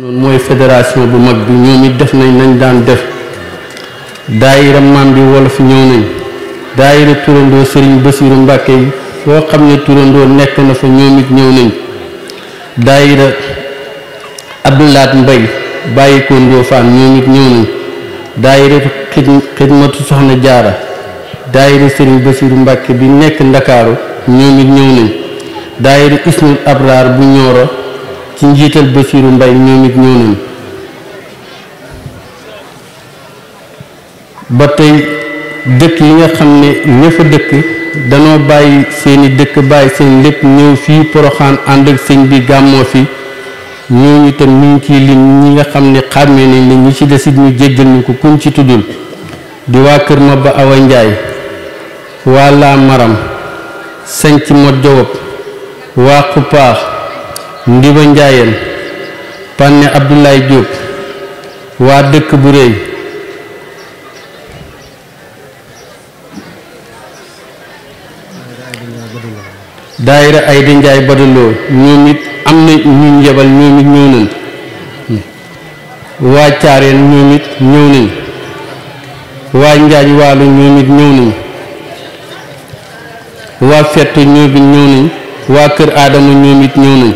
noonu mooy fédération bu mag bi ñoom def nañ nañ daan def daayira maam bi wolof ñëw nañ daayira turandoo sëriñ Basiiru Mbàkke yi foo xam ne turandoo nekk na fa ñoom it ñëw nañ daayira Abdulaat Mbay bàyyi ko Ndofaan ñëw nañ daayira xidmatu soxna jaara daayira sëriñ Basiiru Mbàkke bi nekk Ndakaaru ñoom it bu Ñooro ci njiital Basiiru Mbay ñoom it ñooñu ba tey dëkk yi nga xam ne ña dëkk danoo bàyyi seeni dëkk bàyyi seen lépp ñëw fii Poroxaan ànd ak sëñ bi gàmmoo fi ñooñu itam ñu ngi ciy ñi nga xam ne xàmmee nañ ne ñi ci desit ñu jéggal ñu ko kuñ ci tuddul di waa Kër Maba Awa Njaay waa laa maram sanc mo jowob waa xupaax Ndiba Njaayeen Panne Abdoulaye Diop waa dëkk bu réy daayira ay di njaay badaloo ñoom it am na ñu njebal ñoom it ñëw nañ waa caareen ñoom it ñëw nañ waa njaaj waalu ñoom it ñëw nañ waa fett ñoom it ñëw nañ waa kër aadama ñoom it ñëw nañ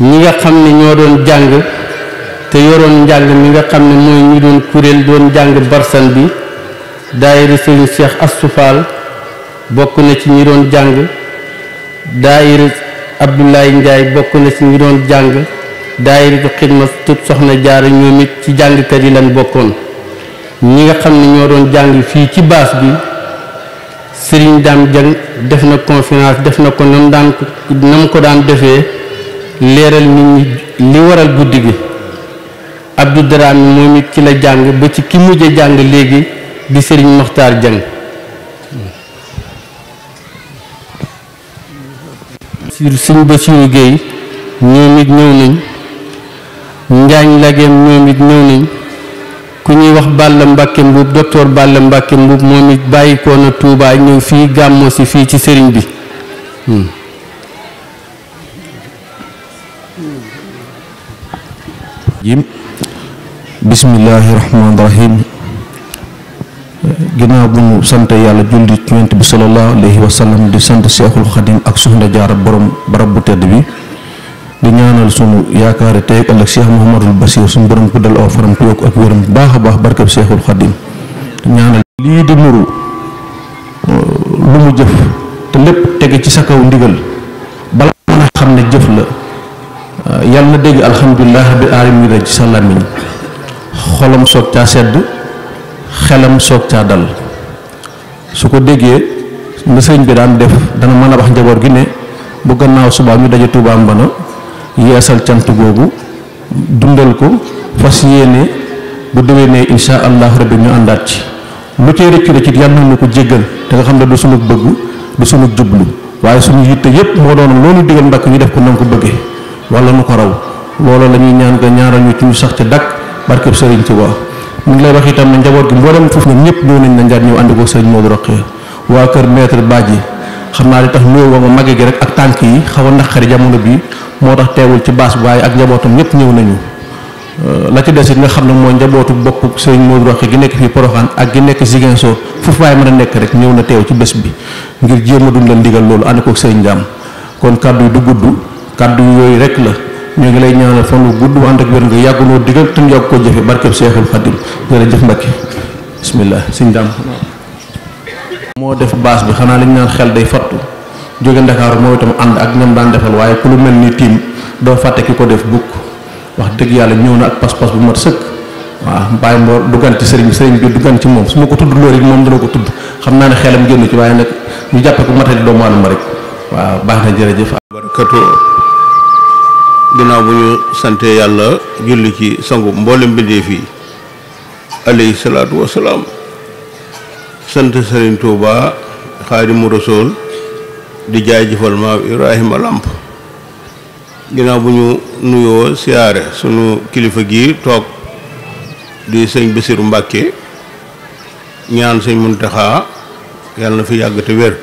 ñi nga xam ne ñoo doon jàng te yoroon njàng mi nga xam ne mooy ñu doon kuréel doon jàng barsan bi daayira sëriñ Cheikh Astou bokk na ci ñi doon jàng daayira Abdoulaye Ndiaye bokk na ci ñi doon jàng daayiratu xidma tut soxna jaar ñoom it ci jàngkat yi lañ bokkoon ñi nga xam ne ñoo doon jàng fii ci baas bi sëriñ Dame Dieng def na conférence def na ko nam daan na ko daan defee leeral nit ñi li waral guddi gi Abdou Dramé moom it ci la jàng ba ci ki mujj jàng léegi di Serigne Mokhtar Dieng Serigne Bassirou Gueye ñoom it ñëw nañ Njaañ Lageem ñoom it ñëw nañ ku ñuy wax Balla Mbàkke Mbuub docteur Balla Mbàkke Mbuub moom it bàyyikoo na Tuubaa ñëw fii gàmmoo si fii ci sëriñ bi hmm. rajim bismillaahi rahmaani rahim ginnaaw bu mu sant yàlla julli ci yonent bi sallallahu alayhi wa sallam di sant seexul xadim ak soxna jaara borom barab bu tedd bi di ñaanal sunu yaakaari tey ak ëllëg seex muhammadul basiir suñu borom ku dal aw faram ku yokk ak wéram baax a baax barkab seexul xadim ñaanal lii di nuru lu mu jëf te lépp tege ci sa kaw ndigal bala mën a xam ne jëf la Euh, yàlla na dégg alhamdulilah bi aalamina ci sa làmmiñ xolam soog caa sedd xelam soog caa dal su ko déggee na sëñ bi daan def dana mën a wax njaboot gi ne bu gannaaw subaa ñu daje Tuubaa Mbana yeesal cant googu dundal ko fas yéene bu déwénee insha allah rabbi ñu àndaat ci lu tee rëcc rëcc it yàlla na ko jéggal te nga xam ne du sunu bëgg du sunu jublu waaye sunu yitte yépp moo doon loolu digal mbakk ñu def ko na ko bëggee wala nu ko raw loolu la ñuy ñaan nga ñaaral ñu ci ñu sax ci dakk barkeb sëriñ Tuubaa mu ngi lay wax itam na njaboot gi mboolem foofu ñëpp ñëw nañ na njaat ñëw ànd ko sëriñ Modou Rokhaya waa kër maître Badji xam naa li tax nuyoo ba nga magge gi rek ak tànk yi xaw a naqari jamono bi moo tax teewul ci baas waaye ak njabootam ñëpp ñëw nañu euh, la ci des it nga xam ne mooy njabootu bokk sëriñ Modou Rokhaya gi nekk fii Poroxaan ak gi nekk Ziguinchor foofu waaye mën a nekk rek ñëw na teew ci bés bi ngir jéem a dundal ndigal loolu ànd ko sëriñ Jaam kon kàddu yi du gudd kàddu yooyu rek la ñu ngi lay ñaanal fan wu gudd ànd ak wér nga yàgguloo digal te ñu yàgg ko jëfe barkeb Seexul Xadim jërëjëf Mbàkke bismillah sëñ def baas bi xanaa lañ naan xel day fattu jóge ndakaaru moo itam ànd ak ñoom daan defal waaye ku lu mel ni tiim doo ko def bukk wax dëgg yàlla ñëw na ak pas-pas bu mat sëkk waaw Baye Mor duggan ci sëriñ sëriñ bi duggan ci moom su ma ko tudd loolu it moom dana ko tudd xam naa ne xelam génn ci waaye nag ñu jàppe ko matali doomu aadama rek waaw baax na jërëjëf. barkatu ginnaaw bu ñu sante yàlla julli ci sangu mboolem mbindeef yi alayhi salaatu wasalaam sant Sëriñ Tuuba Xaadimu Rasuul di jaajëfal maam Ibrahima Lamp ginnaaw bu ñu nuyoo siyaare sunu kilifa gi toog di sëñ Basiru Mbàkke ñaan sëñ Muntaxa yàlla na fi yàgg te wér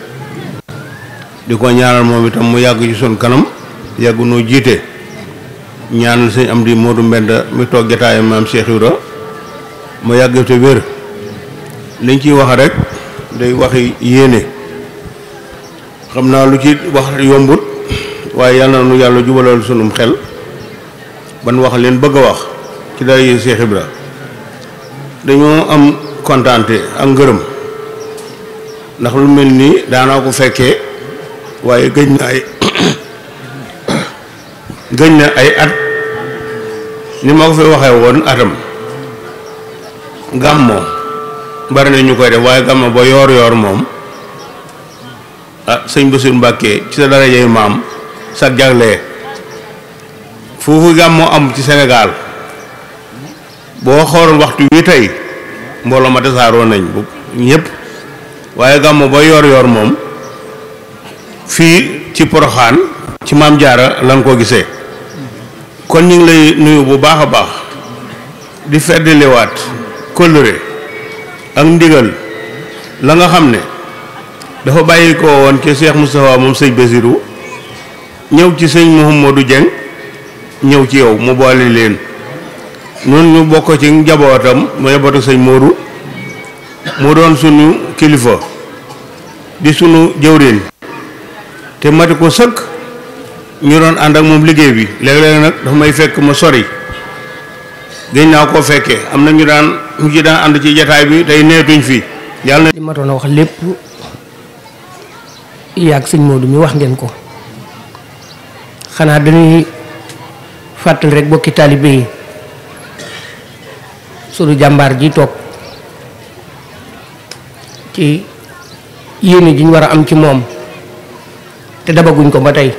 di ko ñaanal moom itam mu yàgg ci sun kanam yàgg noo jiite ñaanal sëñ am di Modou Mbenda mi toog jataayam maam Cheikh Ibra mu yàgg te wér liñ ciy wax rek day waxi yéene xam naa lu ci wax yombut waaye yàlla na nu yàlla jubalal sunum xel ban wax leen bëgg a wax ci dara yi Cheikh dañoo am kontaante ak ngërëm ndax lu mel nii daanaa ko fekkee waaye gëj na ay gëj na ay at ni ma ko fi waxee woon atam gàmmo bari na ñu koy def waaye gàmmo ba yoor yoor moom ah sëñ Bassirou Mbacké ci sa darajey maam sa jaglee foofu gàmmo am ci senegaal boo xooloon waxtu wi tey mbooloo ma tasaaroo nañ bu ñëpp waaye gàmmo ba yoor yoor moom fii ci Poroxaan ci maam jaara lan ko gisee kon ñu ngi lay nuyu bu baax a baax di feddaliwaat kóllëre ak ndigal la nga xam ne dafa bàyyi ko woon ci Cheikh Moustapha moom sëñ Basirou ñëw ci sëñ Mouhamadou Dieng ñëw ci yow mu boole leen noonu ñu bokk ci njabootam mu njabootu sëñ Modou mu doon sunu kilifa di sunu jëwriñ te mati ko sëkk ñu doon ànd ak moom liggéey bi léeg-léeg nag dafa may fekk ma sori gëj naa koo fekkee am na ñu daan ñu ci daan ànd ci jataay bi tey neetuñ fii yàlla na li ma doon wax lépp yàgg sëñ Modou mi wax ngeen ko xanaa dañuy fàttali rek bokki taalibe yi sunu jàmbaar ji toog ci yéene ji ñu war a am ci moom te dabaguñ ko ba tey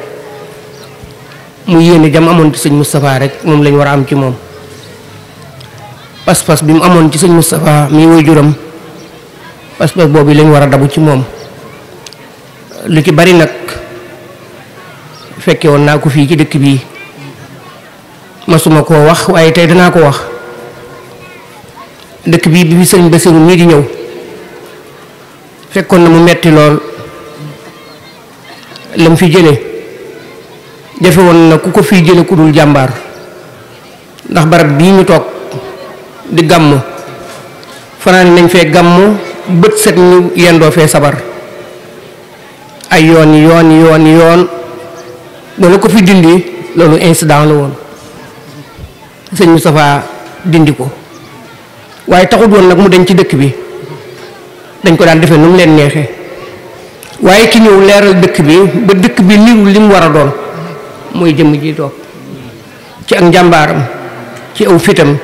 mu yéene jam amoon ci sëñ Moustapha rek moom lañu war a am ci moom pas-pas bi mu amoon ci sëñ Moustapha muy woy juram pas-pas boobu lañ war a dabu ci moom lu ci bari nag fekke woon naa ko fii ci dëkk bii masuma koo wax waaye tey danaa ko wax dëkk bii bi fi sëñ Basiru mii di ñëw fekkoon na mu metti lool lam fi jëlee defe woon na ku ko fii jële ku dul jàmbaar ndax barab bii ñu toog di gàmm fanaan nañ fee gàmm bët set ñu yendoo fee sabar ay yoon yoon yoon yoon dana ko fi dindi loolu incident la woon sëñ Moustapha dindi ko waaye taxut woon nag mu dañ ci dëkk bi dañ ko daan defee nu mu leen neexee waaye ki ñëw leeral dëkk bi ba dëkk bi niru li mu war a doon mooy jëmm ji toog ci ak njàmbaaram ci aw fitam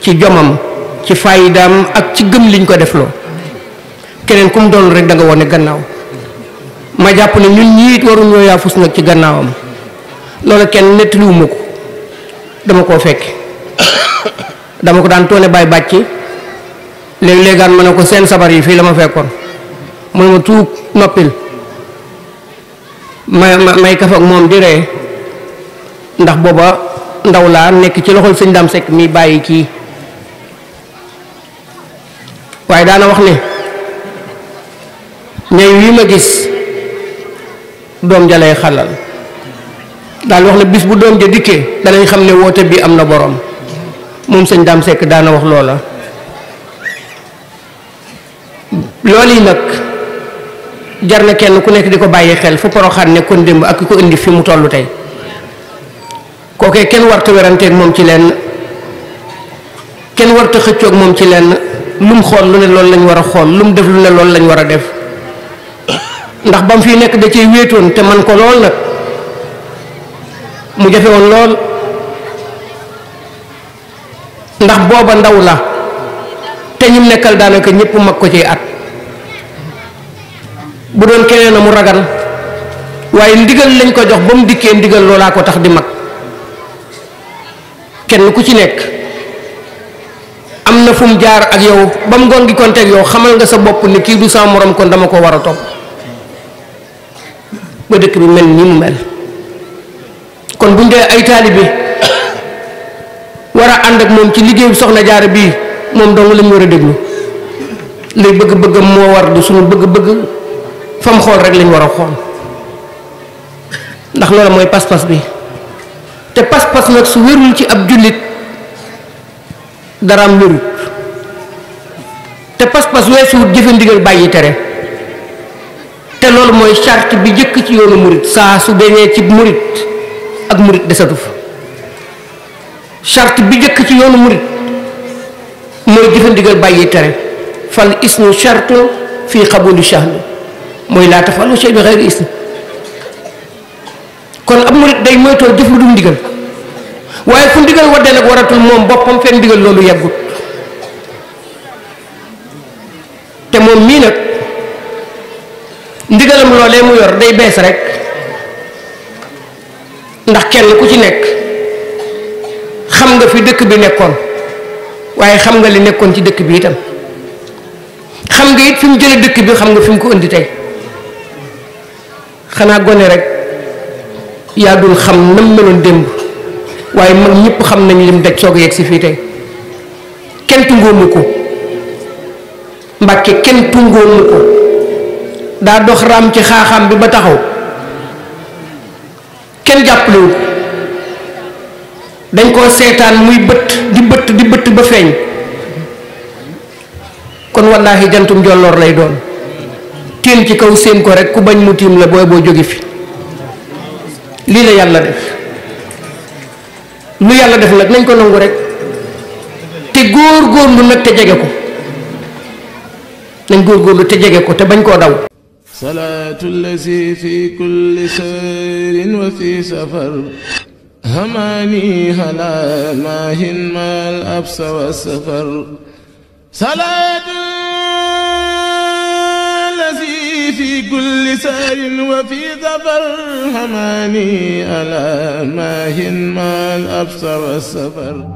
ci jomam ci faayidaam ak ci gëm liñ ko def loo keneen ku doon rek da nga wone gannaaw ma jàpp ne ñun ñiit waruñoo yaafus nag ci gannaawam loolu kenn nettaliwuma ko dama koo fekk dama ko daan toone bàyyi bàcc léeg-léegaan ma ne ko seen sabar yi fii la ma fekkoon mu ne ma tuug noppil may may kaf ak moom di ree ndax booba ndaw laa nekk ci loxol sëñ daam sekk mi bàyyi kii waaye daana wax ne ñay wii ma gis doom ja lay xalal daal wax ne bis bu doom ja dikkee danañ xam ne woote bi am na boroom moom sëñ daam sekk daana wax loola loolu yi nag jar na kenn ku nekk di ko bàyyi xel fu poroxaan nekkoon démb ak ki ko indi fi mu tollu tey kookee kenn warta weranteeg moom ci lenn kenn warta xëccoog moom ci lenn lu mu xool lu ne loolu lañ war a xool lu mu def lu ne loolu lañ war a def ndax ba mu fiy nekk da cee wéetoon te man ko lool nag mu jafe woon lool ndax booba ndaw la te ñim nekkal daanaka ñëpp mag ko ci at bu doon keneen a mu ragal waaye ndigal lañ ko jox ba mu dikkee ndigal loolaa ko tax di mag kenn ku ci nekk am na fu mu jaar ak yow ba mu ngoon gi konteeg yow xamal nga sa bopp ne kii du sama morom kon dama ko war a topp ba dëkk bi mel nii mu mel kon buñ dee ay taalibe war a ànd ak moom ci liggéeyu soxna jaara bii moom dong lañ war a déglu lay bëgg-bëggam moo war du suñu bëgg-bëgg fam xool rek lañ war a xool ndax loolu mooy pas-pas bi te pas-pas nag su wérul ci ab jullit daraam wérut te pas-pas weesuwut jëfe ndigal bàyyi tere te loolu mooy charte bi jëkk ci yoonu murit saa su beñee ci murit ak murit desatu fa charte bi jëkk ci yoonu murit mooy jëfandigal bàyyi tere fal isnu charte fii xabuli shahni mooy laa tafalu shay bi xayri isni kon ab murit day moytoo jëf lu dul ndigal waaye fu ndigal waddee nag waratul moom boppam fenn ndigal loolu yeggut te moom mii nag ndigalam loolee mu yor day bees rek ndax kenn ku ci nekk xam nga fi dëkk bi nekkoon waaye xam nga li nekkoon ci dëkk bi itam xam nga it fi mu jële dëkk bi xam nga fi mu ko indi tey xanaa gone rek yaa dul xam nam meloon démb waaye mag ñëpp xam nañ lim daj soog a si fii tey kenn tungóomu ko mbàkke kenn tungóomu ko daa dox raam ci xaaxaam bi ba taxaw kenn jàppalewu ko dañ koo seetaan muy bët di bët di bët ba feeñ kon wallaahi jantum jolloor lay doon téen ci kaw séen ko rek ku bañ mu tiim la booy boo jóge fi lii la yàlla def lu yàlla def la nañ ko nangu rek te góorgóorlu nag te jege ko nañ góorgóorlu te jege ko te bañ koo daw salaatu lazi fi kulli sayrin wa fi safar hamani hala maahin mal wa safar في كل سهر وفي ظفر حماني ألا ماهن ما الأبصر السفر